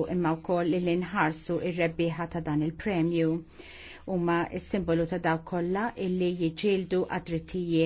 u imma wkoll li nħarsu il rebbieħa ta' dan il-premju huma s-simbolu ta' daw kollha illi jiġġieldu għad-drittijiet